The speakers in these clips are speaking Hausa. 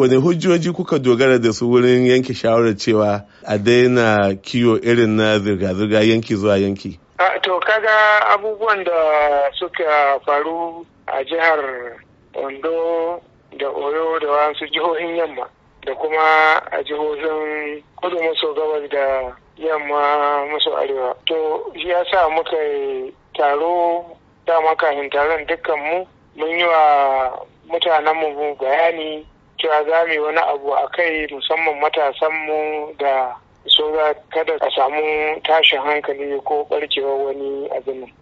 wani hujjoji kuka dogara da su wurin yanke shawarar cewa a daina kiwo irin na zirga-zirga yanki zuwa yanki to kaga abubuwan da suka faru a jihar ondo da oyo da wasu jihohin yamma da kuma a jihohin kudu maso gabas da yamma maso arewa to ya sa muka yi taro ta makahin taron dukkanmu mun yi wa mutanenmu bayani cewa za mu yi wani abu a kai musamman matasanmu da so za kada a samu tashin hankali ko barkewar wani abin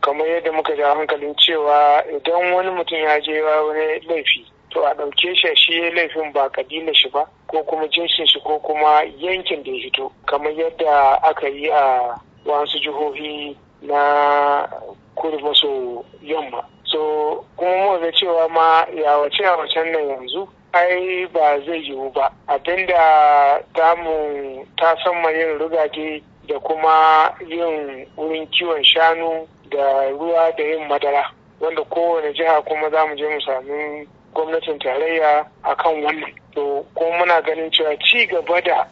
kamar yadda muka ja hankalin cewa idan wani mutum ya je wa wani laifi to a ɗauke shi shi ya laifin ba kabila shi ba ko kuma jinsin shi ko kuma yankin da ya fito kamar yadda aka yi a wasu jihohi na kudu maso yamma so kuma mu ga cewa ma yawace yawacen nan yanzu ai ba zai yiwu ba abinda mu ta san yin rugage da kuma yin wurin kiwon shanu da ruwa da yin madara wanda kowane jiha kuma za mu je mu sami gwamnatin tarayya a kan wannan to kuma muna ganin cewa ci gaba da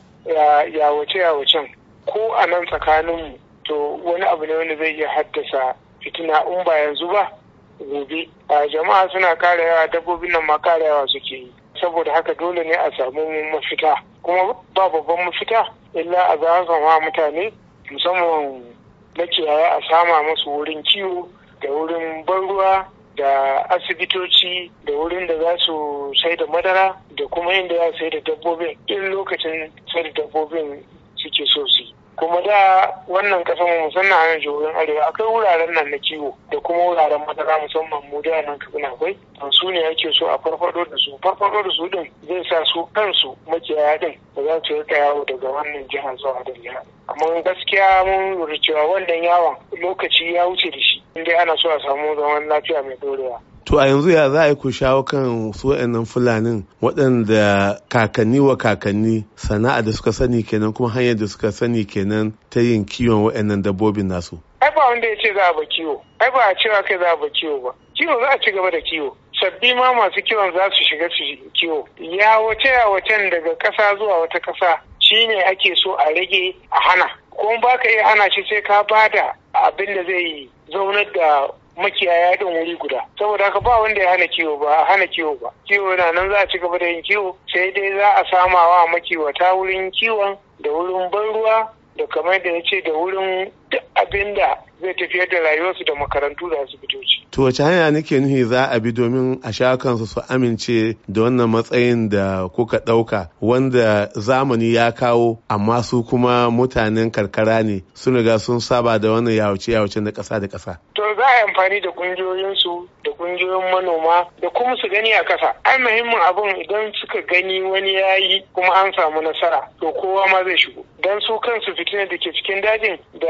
yawace yawacen ko a nan tsakaninmu to wani abu ne wanda zai iya haddasa fitina in ba yanzu ba gobe a jama'a suna kare yawa dabbobin nan ma kare suke yi saboda haka dole ne a samu mafita kuma ba babban mafita illa a zama mutane musamman na makiyaya a sama masu wurin kiwo da wurin ban ruwa da asibitoci da wurin da za su sai da madara da kuma inda za su sai da dabbobin in lokacin sai da dabbobin suke so su kuma da wannan kasan mu musamman a jihohin arewa akwai wuraren nan na kiwo da kuma wuraren madara musamman mu da nan kuna akwai to su ne ake so a farfado da su farfado da su din zai sa su kansu makiyaya din ba za su rika yawo daga wannan jihar zuwa da jihar amma gaskiya mun lura cewa wannan yawon lokaci ya wuce da shi in ana so a samu zaman lafiya mai dorewa To a yanzu ya za a yi ku shawo kan su waɗannan Fulanin waɗanda kakanni wa kakanni sana'a da suka sani kenan kuma hanyar da suka sani kenan ta yin kiwon wa'annan dabbobin nasu. Ai ba wanda ya ce za a ba kiwo, ai ba a wa kai za a ba kiwo ba. Kiwo za a ci gaba da kiwo. sabbi ma masu kiwon za su shiga su kiwo ya wace ya wacen daga kasa zuwa wata kasa shine ake so a rage a hana kuma ba ka iya hana shi sai ka bada da abin da zai zaunar da makiyaya din wuri guda saboda haka ba wanda ya hana kiwo ba hana kiwo ba kiwo na nan za a ci gaba da yin kiwo sai dai za a sama wa makiwata wurin kiwon da wurin ban ruwa da kamar da ya ce da wurin duk abin zai tafiyar da rayuwarsu da makarantu da asibitoci. To wace hanya nake nuhi za a bi domin a sha kansu su amince da wannan matsayin da kuka ɗauka wanda zamani ya kawo amma su kuma mutanen karkara ne sun riga sun saba da wannan yawace yawace na ƙasa da ƙasa. To za a yi amfani da kungiyoyinsu da kungiyoyin manoma da kuma su gani a ƙasa. Ai muhimmin abin idan suka gani wani ya yi kuma an samu nasara to kowa ma zai shigo. Dan su kansu fitina da ke cikin dajin da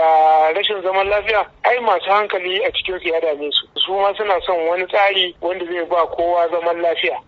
rashin zaman lafiya lafiya ai masu hankali a cikin su ya dame su su ma suna son wani tsari wanda zai ba kowa zaman lafiya